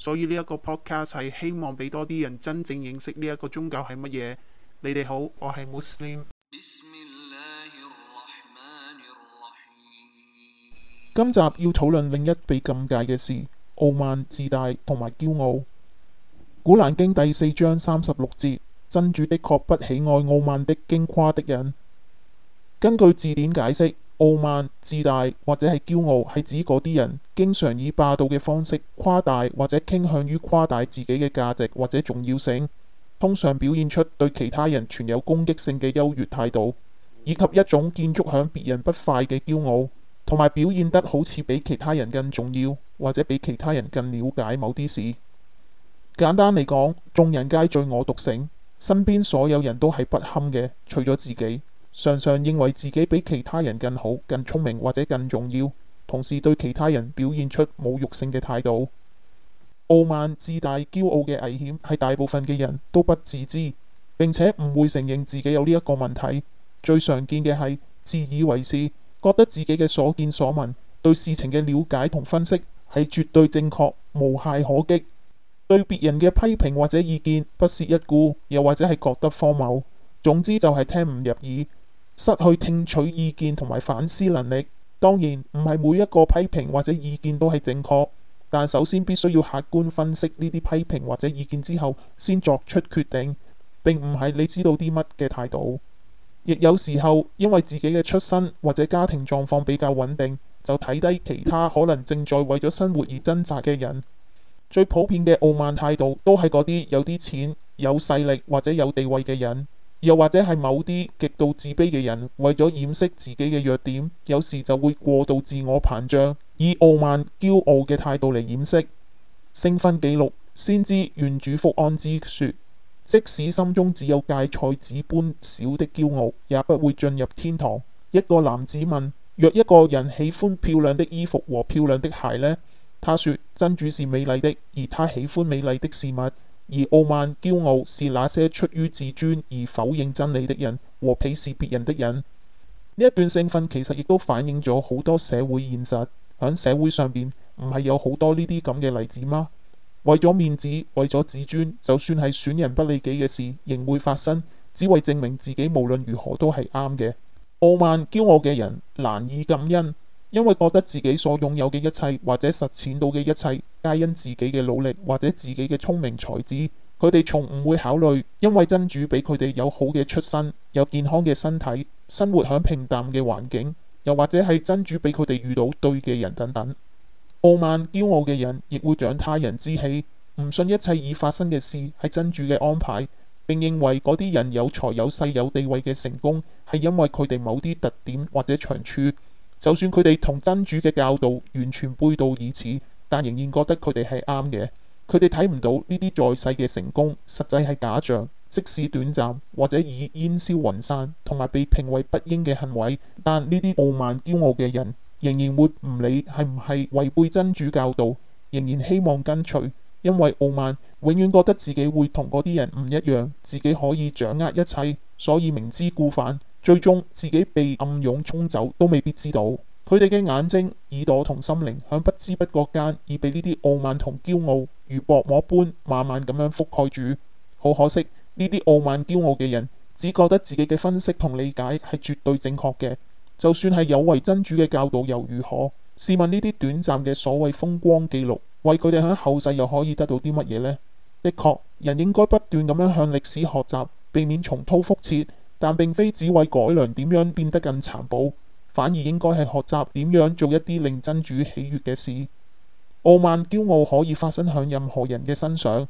所以呢一個 podcast 係希望俾多啲人真正認識呢一個宗教係乜嘢。你哋好，我係穆斯林。今集要討論另一被禁戒嘅事：傲慢、自大同埋驕傲。古蘭經第四章三十六節，真主的確不喜愛傲慢的、矜誇的人。根據字典解釋，傲慢、自大或者係驕傲，係指嗰啲人經常以霸道嘅方式誇大或者傾向於誇大自己嘅價值或者重要性，通常表現出對其他人存有攻擊性嘅優越態度，以及一種建築響別人不快嘅驕傲，同埋表現得好似比其他人更重要或者比其他人更了解某啲事。簡單嚟講，眾人皆醉我獨醒，身邊所有人都係不堪嘅，除咗自己。常常認為自己比其他人更好、更聰明或者更重要，同時對其他人表現出侮辱性嘅態度。傲慢、自大、驕傲嘅危險係大部分嘅人都不自知，並且唔會承認自己有呢一個問題。最常見嘅係自以為是，覺得自己嘅所見所聞、對事情嘅了解同分析係絕對正確、無懈可擊。對別人嘅批評或者意見不屑一顧，又或者係覺得荒謬，總之就係聽唔入耳。失去聽取意見同埋反思能力。當然唔係每一個批評或者意見都係正確，但首先必須要客觀分析呢啲批評或者意見之後，先作出決定。並唔係你知道啲乜嘅態度。亦有時候因為自己嘅出身或者家庭狀況比較穩定，就睇低其他可能正在為咗生活而掙扎嘅人。最普遍嘅傲慢態度都係嗰啲有啲錢、有勢力或者有地位嘅人。又或者係某啲極度自卑嘅人，為咗掩飾自己嘅弱點，有時就會過度自我膨脹，以傲慢、驕傲嘅態度嚟掩飾。聖訓記錄，先知願主福安之説，即使心中只有芥菜子般小的驕傲，也不會進入天堂。一個男子問：若一個人喜歡漂亮的衣服和漂亮的鞋呢？他說：真主是美麗的，而他喜歡美麗的事物。而傲慢、驕傲是那些出於自尊而否認真理的人和鄙視別人的人。呢一段性分其實亦都反映咗好多社會現實。喺社會上邊，唔係有好多呢啲咁嘅例子嗎？為咗面子、為咗自尊，就算係損人不利己嘅事，仍會發生，只為證明自己，無論如何都係啱嘅。傲慢、驕傲嘅人，難以感恩。因為覺得自己所擁有嘅一切或者實踐到嘅一切，皆因自己嘅努力或者自己嘅聰明才智，佢哋從唔會考慮，因為真主俾佢哋有好嘅出身，有健康嘅身體，生活喺平淡嘅環境，又或者係真主俾佢哋遇到對嘅人等等。傲慢驕傲嘅人，亦會長他人之氣，唔信一切已發生嘅事係真主嘅安排，並認為嗰啲人有財有勢有地位嘅成功，係因為佢哋某啲特點或者長處。就算佢哋同真主嘅教導完全背道而馳，但仍然覺得佢哋係啱嘅。佢哋睇唔到呢啲在世嘅成功，實際係假象，即使短暫或者已煙消雲散，同埋被評為不應嘅行為，但呢啲傲慢驕傲嘅人仍然會唔理係唔係違背真主教導，仍然希望跟隨，因為傲慢永遠覺得自己會同嗰啲人唔一樣，自己可以掌握一切，所以明知故犯。最終自己被暗湧沖走，都未必知道。佢哋嘅眼睛、耳朵同心靈，喺不知不覺間，已被呢啲傲慢同驕傲如薄膜般慢慢咁樣覆蓋住。好可惜，呢啲傲慢驕傲嘅人，只覺得自己嘅分析同理解係絕對正確嘅。就算係有違真主嘅教導又如何？試問呢啲短暫嘅所謂風光記錄，為佢哋喺後世又可以得到啲乜嘢呢？的確，人應該不斷咁樣向歷史學習，避免重蹈覆轍。但並非只為改良點樣變得更殘暴，反而應該係學習點樣做一啲令真主喜悅嘅事。傲慢、驕傲可以發生響任何人嘅身上。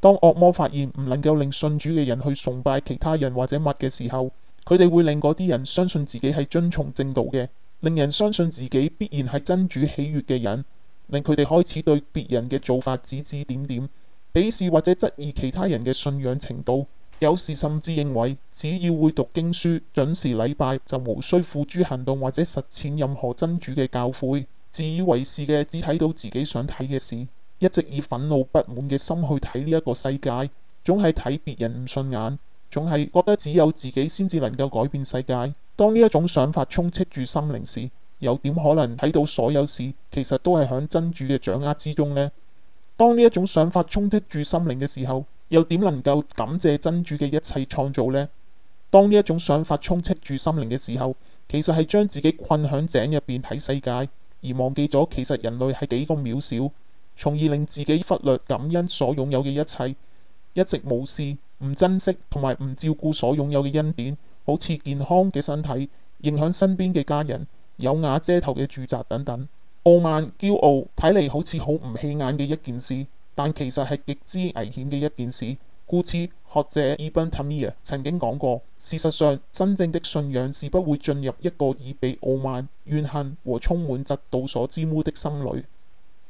當惡魔發現唔能夠令信主嘅人去崇拜其他人或者物嘅時候，佢哋會令嗰啲人相信自己係遵從正道嘅，令人相信自己必然係真主喜悅嘅人，令佢哋開始對別人嘅做法指指點點，鄙視或者質疑其他人嘅信仰程度。有時甚至認為，只要會讀經書、準時禮拜，就無需付諸行動或者實踐任何真主嘅教誨。自以為是嘅，只睇到自己想睇嘅事，一直以憤怒不滿嘅心去睇呢一個世界，總係睇別人唔順眼，總係覺得只有自己先至能夠改變世界。當呢一種想法充斥住心靈時，又點可能睇到所有事，其實都係響真主嘅掌握之中呢？當呢一種想法充斥住心靈嘅時候，又點能夠感謝真主嘅一切創造呢？當呢一種想法充斥住心靈嘅時候，其實係將自己困響井入邊睇世界，而忘記咗其實人類係幾咁渺小，從而令自己忽略感恩所擁有嘅一切，一直無視、唔珍惜同埋唔照顧所擁有嘅恩典，好似健康嘅身體、影響身邊嘅家人、有瓦遮頭嘅住宅等等，傲慢、驕傲，睇嚟好似好唔起眼嘅一件事。但其實係極之危險嘅一件事。故此，學者 Ibn Tamir 曾經講過：事實上，真正的信仰是不會進入一個已被傲慢、怨恨和充滿嫉妒所沾污的心裏。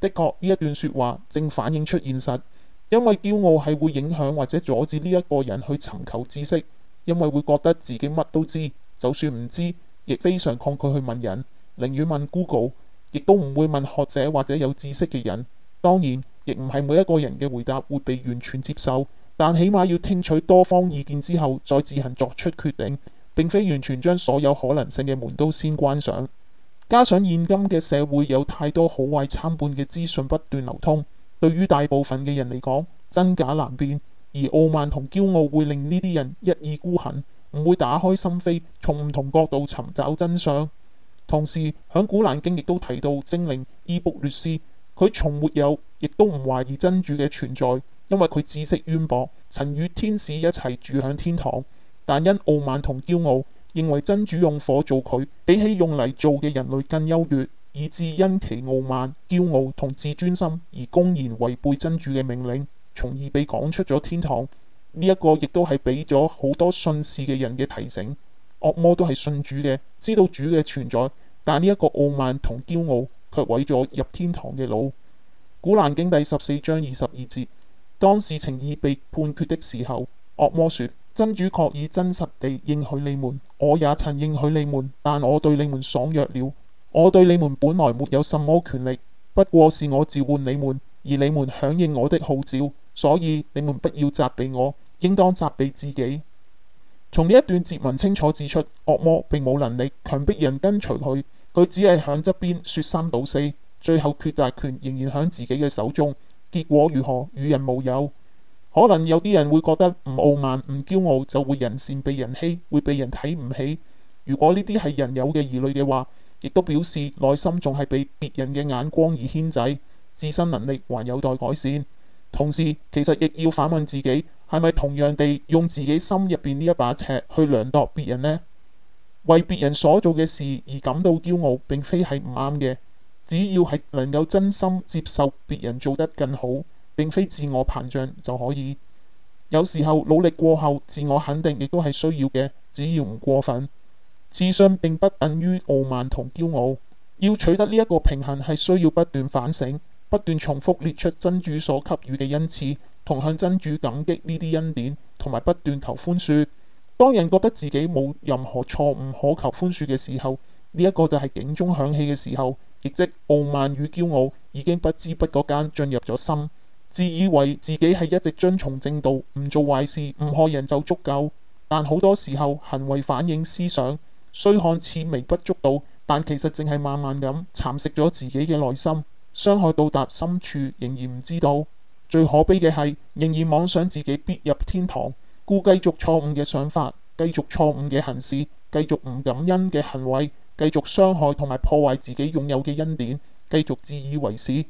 的確，呢一段說話正反映出現實，因為驕傲係會影響或者阻止呢一個人去尋求知識，因為會覺得自己乜都知，就算唔知，亦非常抗拒去問人，寧願問 Google，亦都唔會問學者或者有知識嘅人。當然。亦唔係每一個人嘅回答會被完全接受，但起碼要聽取多方意見之後再自行作出決定，並非完全將所有可能性嘅門都先關上。加上現今嘅社會有太多好壞參半嘅資訊不斷流通，對於大部分嘅人嚟講，真假難辨。而傲慢同驕傲會令呢啲人一意孤行，唔會打開心扉，從唔同角度尋找真相。同時，響《古蘭經》亦都提到精靈伊卜劣斯，佢從沒有。亦都唔懷疑真主嘅存在，因為佢知識淵博，曾與天使一齊住響天堂，但因傲慢同驕傲，認為真主用火做佢，比起用嚟做嘅人類更優越，以致因其傲慢、驕傲同自尊心而公然違背真主嘅命令，從而被趕出咗天堂。呢、這、一個亦都係俾咗好多信士嘅人嘅提醒。惡魔都係信主嘅，知道主嘅存在，但呢一個傲慢同驕傲卻毀咗入天堂嘅路。古蘭經第十四章二十二節，當事情已被判決的時候，惡魔說：真主確已真實地應許你們，我也曾應許你們，但我對你們爽約了。我對你們本來沒有什麼權力，不過是我召喚你們，而你們響應我的號召，所以你們不要責備我，應當責備自己。從呢一段節文清楚指出，惡魔並冇能力強迫人跟隨佢，佢只係響側邊說三道四。最後決擇權仍然喺自己嘅手中，結果如何與人無有。可能有啲人會覺得唔傲慢、唔驕傲就會人善被人欺，會被人睇唔起。如果呢啲係人有嘅疑慮嘅話，亦都表示內心仲係被別人嘅眼光而牽制，自身能力還有待改善。同時，其實亦要反問自己，係咪同樣地用自己心入邊呢一把尺去量度別人呢？為別人所做嘅事而感到驕傲，並非係唔啱嘅。只要係能夠真心接受別人做得更好，並非自我膨脹就可以。有時候努力過後，自我肯定亦都係需要嘅。只要唔過分，自信並不等於傲慢同驕傲。要取得呢一個平衡係需要不斷反省、不斷重複列出真主所給予嘅恩賜，同向真主感激呢啲恩典，同埋不斷求寬恕。當人覺得自己冇任何錯誤可求寬恕嘅時候，呢一個就係警鐘響起嘅時候。即傲慢與驕傲已經不知不覺間進入咗心，自以為自己係一直遵從正道，唔做壞事，唔害人就足夠。但好多時候行為反映思想，雖看似微不足道，但其實淨係慢慢咁蠶食咗自己嘅內心，傷害到達深處仍然唔知道。最可悲嘅係仍然妄想自己必入天堂，故繼續錯誤嘅想法，繼續錯誤嘅行事，繼續唔感恩嘅行為。繼續傷害同埋破壞自己擁有嘅恩典，繼續自以為是，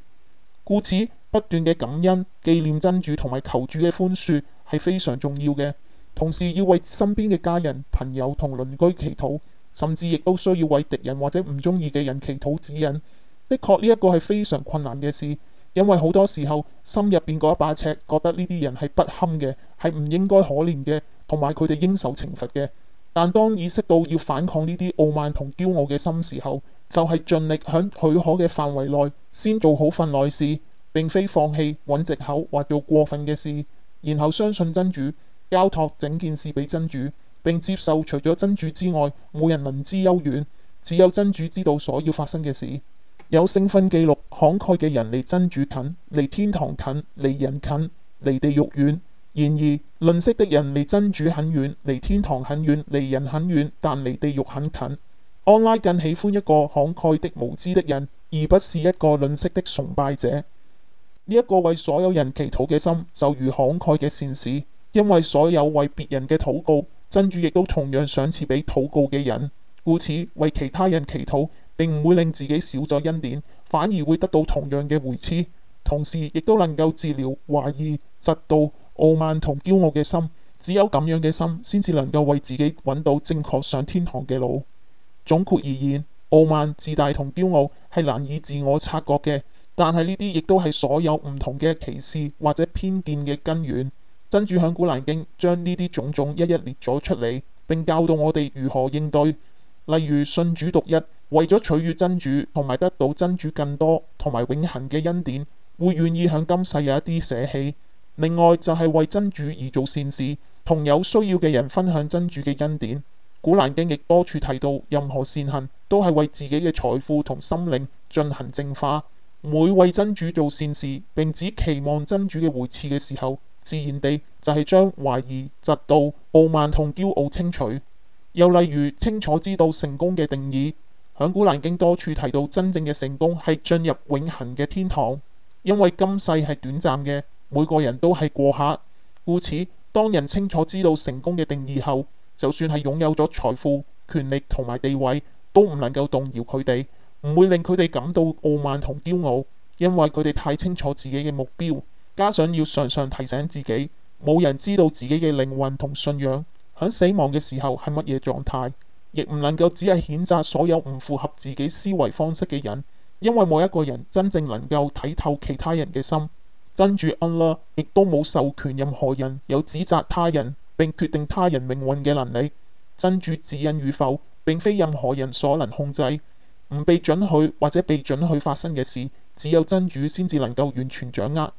故此不斷嘅感恩、紀念真主同埋求主嘅寬恕係非常重要嘅。同時要為身邊嘅家人、朋友同鄰居祈禱，甚至亦都需要為敵人或者唔中意嘅人祈禱指引。的確呢一個係非常困難嘅事，因為好多時候心入邊嗰一把尺覺得呢啲人係不堪嘅，係唔應該可憐嘅，同埋佢哋應受懲罰嘅。但當意識到要反抗呢啲傲慢同驕傲嘅心的時候，就係、是、盡力響許可嘅範圍內先做好份內事，並非放棄揾藉口或做過分嘅事。然後相信真主，交託整件事俾真主，並接受除咗真主之外，冇人能知幽遠，只有真主知道所要發生嘅事。有聖訓記錄，慷慨嘅人離真主近，離天堂近，離人近，離地獄遠。然而，吝嗇的人離真主很遠，離天堂很遠，離人很遠，但離地獄很近。安拉更喜歡一個慷慨的無知的人，而不是一個吝嗇的崇拜者。呢、這、一個為所有人祈禱嘅心就如慷慨嘅善事，因為所有為別人嘅禱告，真主亦都同樣賞賜俾禱告嘅人。故此，為其他人祈禱並唔會令自己少咗恩典，反而會得到同樣嘅回賜。同時，亦都能夠治療懷疑、嫉妒。傲慢同驕傲嘅心，只有咁樣嘅心，先至能夠為自己搵到正確上天堂嘅路。總括而言，傲慢、自大同驕傲係難以自我察覺嘅，但係呢啲亦都係所有唔同嘅歧視或者偏見嘅根源。真主喺古蘭經將呢啲種種一一列咗出嚟，並教導我哋如何應對。例如，信主獨一，為咗取悅真主同埋得到真主更多同埋永恆嘅恩典，會願意向今世有一啲捨棄。另外就係為真主而做善事，同有需要嘅人分享真主嘅恩典。古蘭經亦多處提到，任何善行都係為自己嘅財富同心靈進行淨化。每為真主做善事，並只期望真主嘅回賜嘅時候，自然地就係將懷疑、嫉妒、傲慢同驕傲清除。又例如清楚知道成功嘅定義，響古蘭經多處提到，真正嘅成功係進入永恒嘅天堂，因為今世係短暫嘅。每個人都係過客，故此當人清楚知道成功嘅定義後，就算係擁有咗財富、權力同埋地位，都唔能夠動搖佢哋，唔會令佢哋感到傲慢同驕傲，因為佢哋太清楚自己嘅目標，加上要常常提醒自己，冇人知道自己嘅靈魂同信仰響死亡嘅時候係乜嘢狀態，亦唔能夠只係譴責所有唔符合自己思維方式嘅人，因為冇一個人真正能夠睇透其他人嘅心。真主安拉，亦都冇授權任何人有指責他人並決定他人命運嘅能力。真主指引與否並非任何人所能控制。唔被准許或者被准許發生嘅事，只有真主先至能夠完全掌握。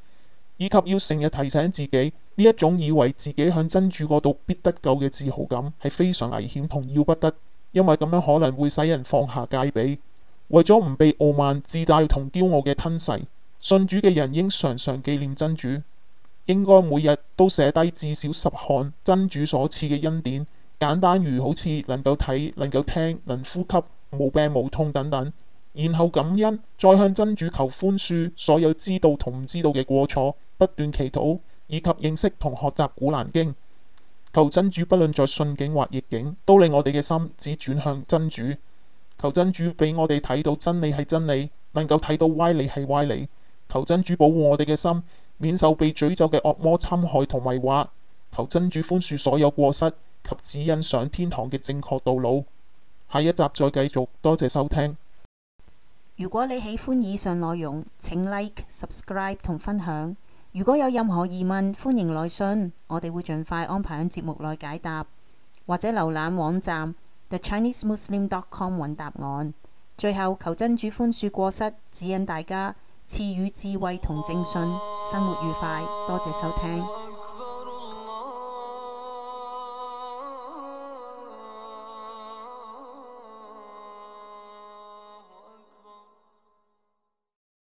以及要成日提醒自己，呢一種以為自己向真主嗰度必得救嘅自豪感係非常危險同要不得，因為咁樣可能會使人放下戒備，為咗唔被傲慢、自大同驕傲嘅吞噬。信主嘅人應常常紀念真主，應該每日都寫低至少十項真主所賜嘅恩典，簡單如好似能夠睇、能夠聽、能呼吸、無病無痛等等，然後感恩，再向真主求寬恕所有知道同唔知道嘅過錯，不斷祈禱，以及認識同學習古蘭經，求真主不論在順境或逆境，都令我哋嘅心只轉向真主，求真主俾我哋睇到真理係真理，能夠睇到歪理係歪理。求真主保護我哋嘅心，免受被詛咒嘅惡魔侵害同迷惑。求真主寬恕所有過失及指引上天堂嘅正確道路。下一集再繼續，多謝收聽。如果你喜歡以上內容，請 like、subscribe 同分享。如果有任何疑問，歡迎來信，我哋會盡快安排喺節目內解答，或者瀏覽網站 thechinesemuslim.com 搵答案。最後，求真主寬恕過失，指引大家。賜予智慧同正信，生活愉快。多謝收聽。